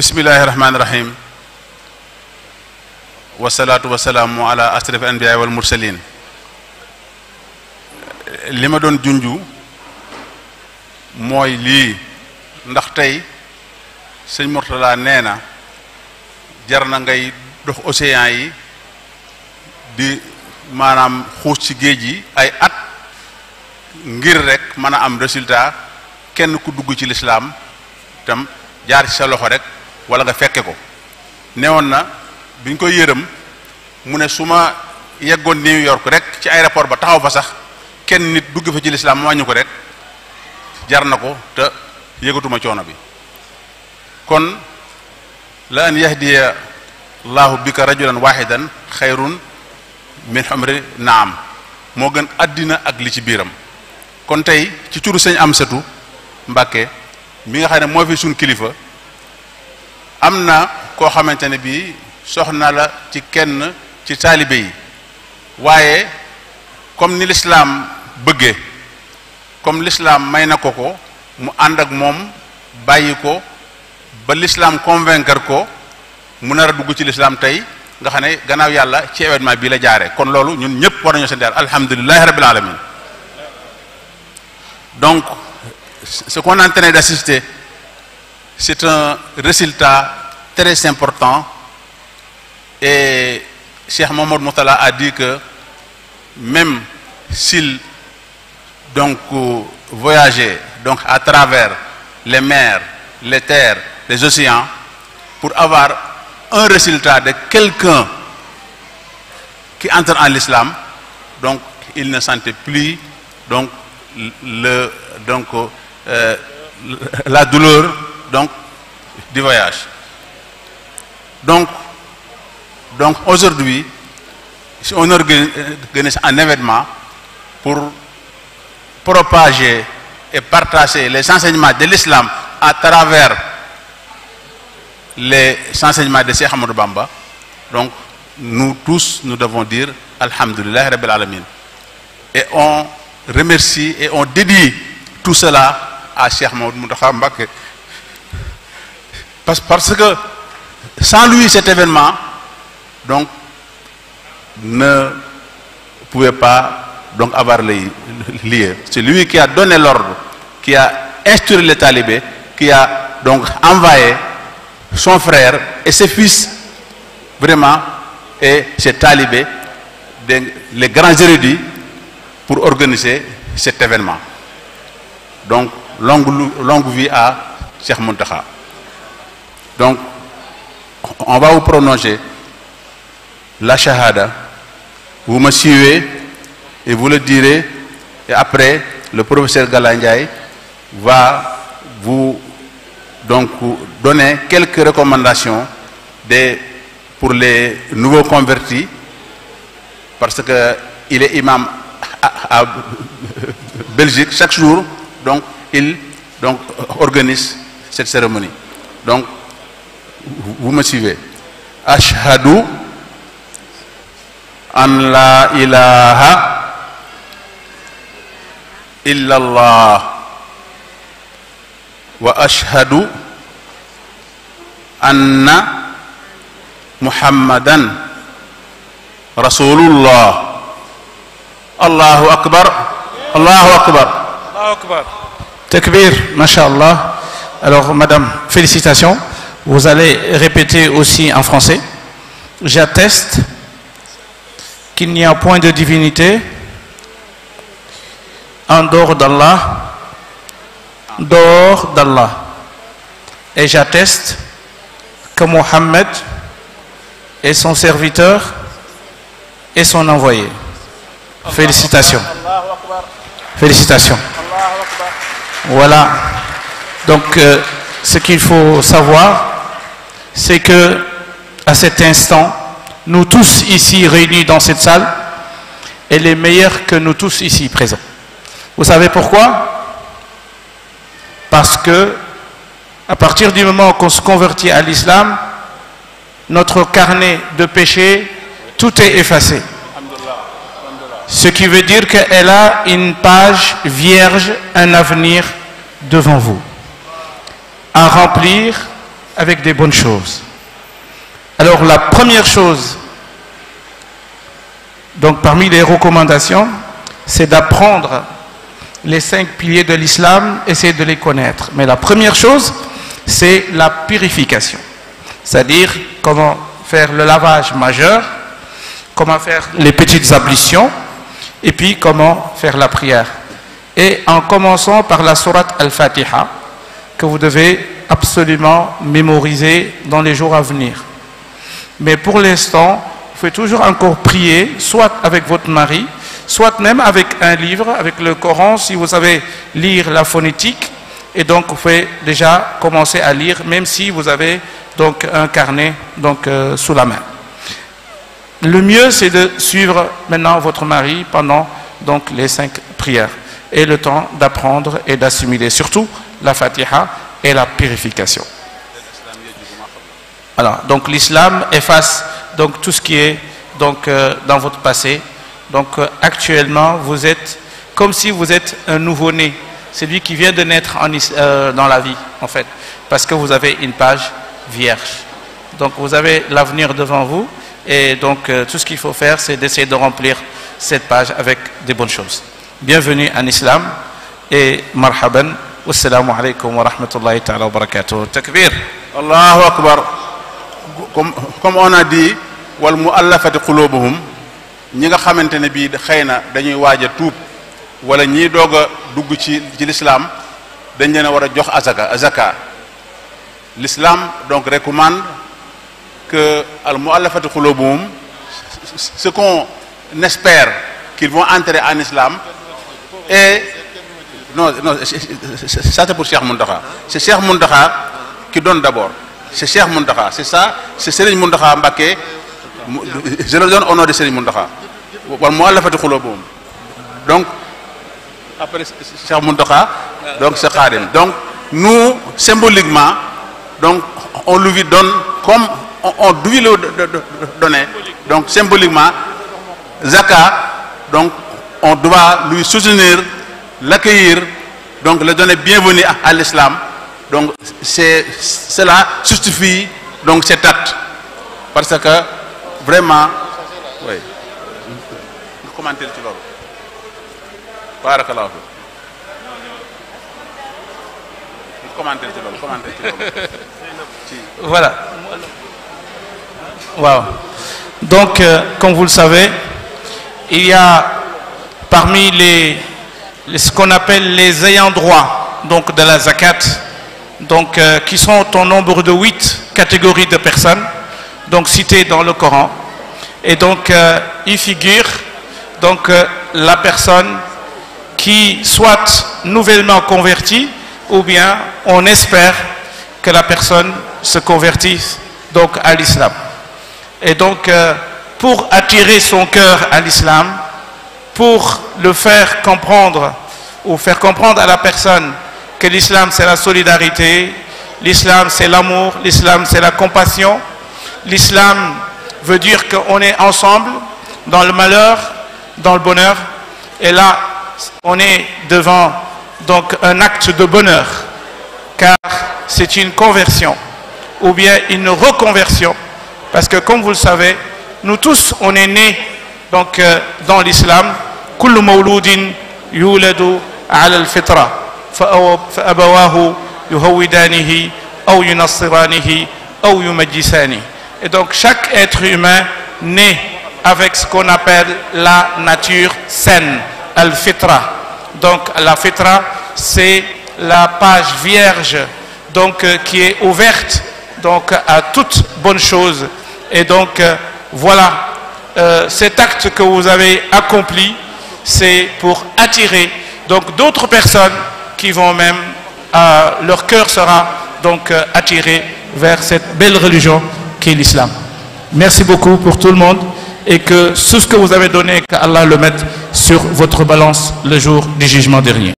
Bismillahirrahmanirrahim. wa salatu wa salamu ala asraf anbiya wal mursalin li don junju Moi li ndax tey sëñ nena nee ngay dox océan yi di manam xuus ci géej ay at ngir rek am résultat kenn ku dugg ci tam jaar ci rek wala nga fekke ko newoon na biñ koy yërëm mu ne su ma yeggoon New York rek ci aéroport ba taxaw fa sax kenn nit dugg fa ci lislaam ma wàññi ko rek jar na ko te yëgatuma coono bi kon la an yahdiya laahu bika rajulan waxidan xayrun min xamri naam moo gën àddina ak li ci biiram kon tey ci turu sëñ Amsatu Mbàkke mi nga xam ne moo fi suñ kilifa am na koo xamante ne bii soxna la ci kenn ci taalibe yi waaye comme ni lislaam bëggee comme lislaam may na ko ko mu ànd ak moom bàyyi ko ba lislaam convaincre ko mu nar a dugg ci lislaam tey nga xam ne gannaaw yàlla ci événement bii la jaare kon loolu ñun ñëpp war nañoo seen daal alhamdulilahi rabbil alamin donc ce qu'on est en train d'assister C'est un résultat très important et Cheikh Mahmoud Moutala a dit que même s'il donc euh, voyageait donc à travers les mers, les terres, les océans pour avoir un résultat de quelqu'un qui entre en l'islam, donc il ne sentait plus donc le donc euh, la douleur donc du voyage. Donc, donc aujourd'hui, si on organise un événement pour propager et partager les enseignements de l'islam à travers les enseignements de Cheikh Bamba, donc nous tous, nous devons dire Alhamdulillah Rabbil Alamin. Et on remercie et on dédie tout cela à Cheikh Hamoud parce, que sans lui, cet événement, donc, ne pouvait pas donc, avoir lieu. C'est lui qui a donné l'ordre, qui a instruit les talibés, qui a donc envoyé son frère et ses fils, vraiment, et ses talibés, les grands érudits, pour organiser cet événement. Donc, longue, vie à Cheikh Montaha. Donc, on va vous prolonger la shahada. Vous me suivez et vous le direz. Et après, le professeur Galangiaï va vous donc donner quelques recommandations pour les nouveaux convertis parce qu'il est imam à, Belgique chaque jour donc il donc, organise cette cérémonie donc vous me suivez ashhadu an la ilaha illa allah wa ashhadu anna muhammadan rasulullah الله الله اكبر الله اكبر الله اكبر تكبير ما شاء الله alors madame félicitations Vous allez répéter aussi en français. J'atteste qu'il n'y a point de divinité en dehors d'Allah, dehors d'Allah. Et j'atteste que Mohammed est son serviteur et son envoyé. Félicitations. Félicitations. Voilà. Donc, euh, ce qu'il faut savoir, c'est que, à cet instant, nous tous ici réunis dans cette salle, elle est meilleure que nous tous ici présents. Vous savez pourquoi Parce que, à partir du moment qu'on se convertit à l'islam, notre carnet de péché, tout est effacé. Ce qui veut dire qu'elle a une page vierge, un avenir devant vous à remplir avec des bonnes choses. Alors la première chose, donc parmi les recommandations, c'est d'apprendre les cinq piliers de l'islam, essayer de les connaître. Mais la première chose, c'est la purification. C'est-à-dire comment faire le lavage majeur, comment faire les petites ablutions, et puis comment faire la prière. Et en commençant par la sourate al-Fatiha, que vous devez absolument mémoriser dans les jours à venir. Mais pour l'instant, vous pouvez toujours encore prier, soit avec votre mari, soit même avec un livre, avec le Coran, si vous savez lire la phonétique. Et donc, vous pouvez déjà commencer à lire, même si vous avez donc un carnet donc, euh, sous la main. Le mieux, c'est de suivre maintenant votre mari pendant donc, les cinq prières et le temps d'apprendre et d'assimiler, surtout la Fatiha et la purification. Alors, donc l'islam efface donc tout ce qui est donc euh, dans votre passé. Donc euh, actuellement, vous êtes comme si vous êtes un nouveau-né, celui qui vient de naître en, euh, dans la vie, en fait, parce que vous avez une page vierge. Donc vous avez l'avenir devant vous, et donc tout ce qu'il faut faire, c'est d'essayer de remplir cette page avec des bonnes choses. Bienvenue en islam et marhaban. wasalaamu aleykum wa rahmatullahi taala wa barakatuh takbir allahu akbar comme comme on a dit wal muallafati qulubuhum ñi nga xamante ne bii xëy na dañuy waaj a tuub ñii doog a dugg ci ci l'islam dañ leen a war a jox azaka l'islam donc recommande que al muallafati qulubuhum ce qu'on espère qu'ils vont en islam et non non ça c'est pour Cheikh Mundara. c'est Cheikh Mundara qui donne d'abord c'est Cheikh Mundara. c'est ça c'est Serigne Mundara. je le donne au nom de Serigne Mundaha. donc après Cheikh donc c'est Khadim donc nous symboliquement donc on lui donne comme on, doit lui le donner donc symboliquement Zaka donc on doit lui soutenir l'accueillir, donc le donner bienvenue à, l'islam. Donc c'est cela justifie donc cet acte. Parce que vraiment, oui. Comment tu voilà. Donc, comme vous le savez, il y a parmi les ce qu'on appelle les ayants droit donc de la zakat, donc, euh, qui sont au nombre de huit catégories de personnes, donc citées dans le Coran. Et donc, il euh, figure donc, euh, la personne qui soit nouvellement convertie, ou bien on espère que la personne se convertisse donc, à l'islam. Et donc, pour attirer son cœur à l'islam, pour le faire comprendre ou faire comprendre à la personne que l'islam c'est la solidarité, l'islam c'est l'amour, l'islam c'est la compassion, l'islam veut dire qu'on est ensemble dans le malheur, dans le bonheur, et là on est devant donc un acte de bonheur, car c'est une conversion ou bien une reconversion, parce que comme vous le savez, nous tous on est nés donc, euh, dans l'islam, كل مولود Et donc, chaque être humain naît avec ce qu'on appelle la nature saine, al-fitra. Donc, la fitra, c'est la page vierge donc, euh, qui est ouverte donc, à toutes bonnes choses. Et donc, euh, voilà euh, cet acte que vous avez accompli, c'est pour attirer donc d'autres personnes qui vont même, leur cœur sera donc euh, attiré vers cette belle religion qui est l'islam. Merci beaucoup pour tout le monde et que tout ce que vous avez donné, qu'Allah le mette sur votre balance le jour du jugement dernier.